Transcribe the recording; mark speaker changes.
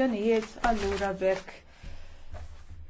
Speaker 1: Jonijiet allura bekk